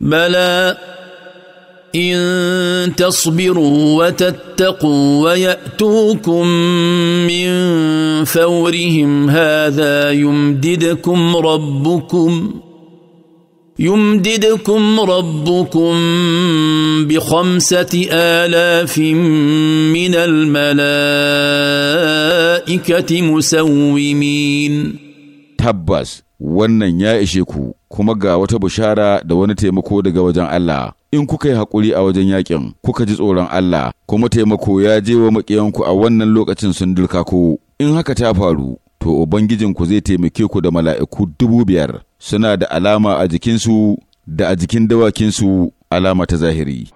بلى ان تصبروا وتتقوا وياتوكم من فورهم هذا يمددكم ربكم يمددكم ربكم بخمسه الاف من الملائكه مسومين تبس ونن يا اشيكو kuma ga wata bushara da wani taimako daga wajen Allah. In kuka yi haƙuri a wajen yaƙin, kuka ji tsoron Allah, kuma taimako ya je wa maƙiyanku a wannan lokacin sun dulka ku. In haka ta faru, to Ubangijinku zai taimake ku da mala'iku dubu biyar, suna da alama a jikinsu da a jikin dawakinsu alama ta zahiri.